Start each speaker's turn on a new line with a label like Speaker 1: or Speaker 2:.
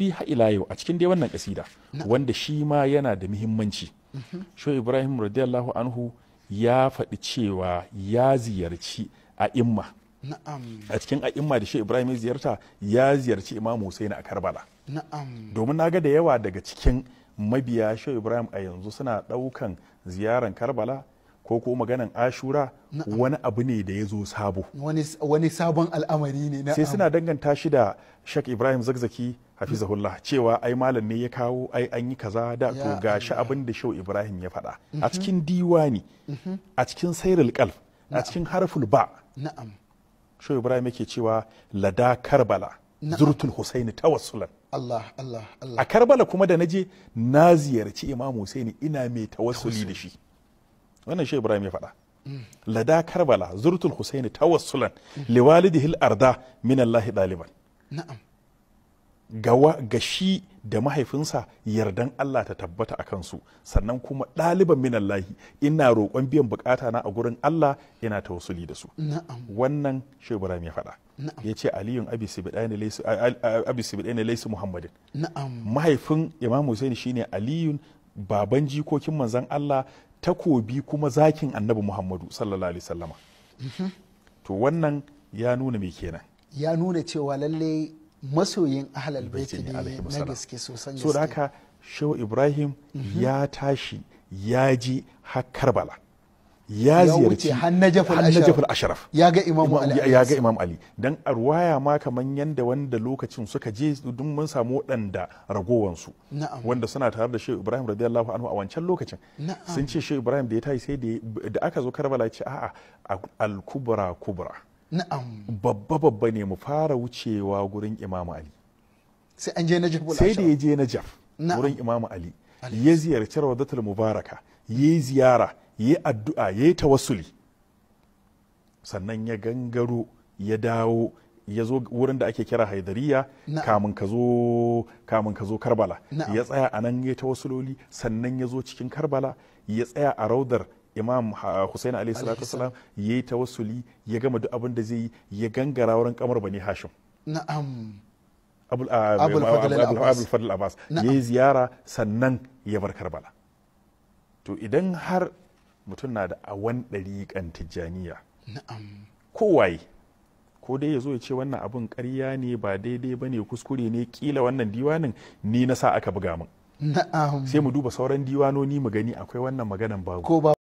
Speaker 1: kuɗi ha ila yau a cikin dai wannan kasida wanda shi ma yana da muhimmanci mhm. sho ibrahim radiyallahu anhu ya faɗi cewa ya ziyarci a imma a cikin imma da shi ibrahim ya ziyarta ya ziyarci imam Husaina a karbala domin na ga da yawa daga cikin mabiya shi ibrahim a yanzu suna ɗaukan ziyaran karbala ko ko maganan ashura wani abu ne da ya zo sabo
Speaker 2: wani sabon al'amari ne sai suna
Speaker 1: danganta shi da shak ibrahim zakzaki hafizahullah cewa ai malam ne ya kawo ai an yi kaza da to gashi abin da shau ibrahim ya faɗa a mhm. cikin diwani mhm. a cikin sairul qalb a cikin harful ba na'am shau ibrahim yake cewa lada karbala zurtul husaini tawassulan
Speaker 2: Allah Allah Allah a
Speaker 1: karbala kuma da naje na ziyarci imam husaini ina mai tawassuli da shi wannan shau ibrahim ya faɗa mm. lada karbala zurtul husaini tawassulan mm. liwalidihi al-arda min Allah daliban na'am ga shi da mahaifinsa yardan Allah ta tabbata a kansu sannan kuma ɗaliban minallahi ina roƙon biyan bukata na a gurin Allah ina tawassuli da su wannan shi Ibrahim ya faɗa ya ce aliyun abi sibidai laisu muhammadin mahaifin imam Hussein shine aliyun baban jikokin manzon Allah takobi kuma zakin annabi muhammadu sallallahu alaihi wasallama mhm. to wannan ya nuna me kenan
Speaker 2: ya nuna cewa lallai masoyin ahlal baiti ne na gaske sosan gaske so da
Speaker 1: haka shehu ibrahim mhm. ya tashi ya ji har karbala ya ziyarci hannajafal asharaf ya ga imam ali dan arwaya ma kaman yanda wanda lokacin suka je duk mun samu waɗanda ragowansu wanda suna tare da shehu ibrahim radiyallahu anhu a wancan lokacin sun ce shehu ibrahim da ya tashi sai da aka zo karbala ce a'a al-kubra kubra na'am babba babba ne mu fara wucewa gurin imamu ali sai an je najaf sai da ya je najaf gurin imamu ali ya ziyarci rawdatul mubaraka ya ziyara ya addu'a ya tawassuli sannan ya gangaro ya dawo ya zo wurin da ake kira haidariya kamun ka zo karbala ya tsaya a nan ya tawassuloli sannan ya zo cikin karbala ya tsaya a raudar imam husaini alayhi salatu wasalam ya yi tawassuli ya gama duk abin da zai yi ya gangara wurin kamar bani hashim
Speaker 2: na'am abul
Speaker 1: ah, fadl abbas ya yi ziyara sannan ya bar karbala to idan har mutum na da awan kan tijjaniya kowaye ko dai ya zo ya ce wannan abun karya ne ba daidai ba ne kuskure ne kila wannan diwanin ni na sa aka buga min sai mu duba sauran diwanoni mu gani akwai wannan maganan ba.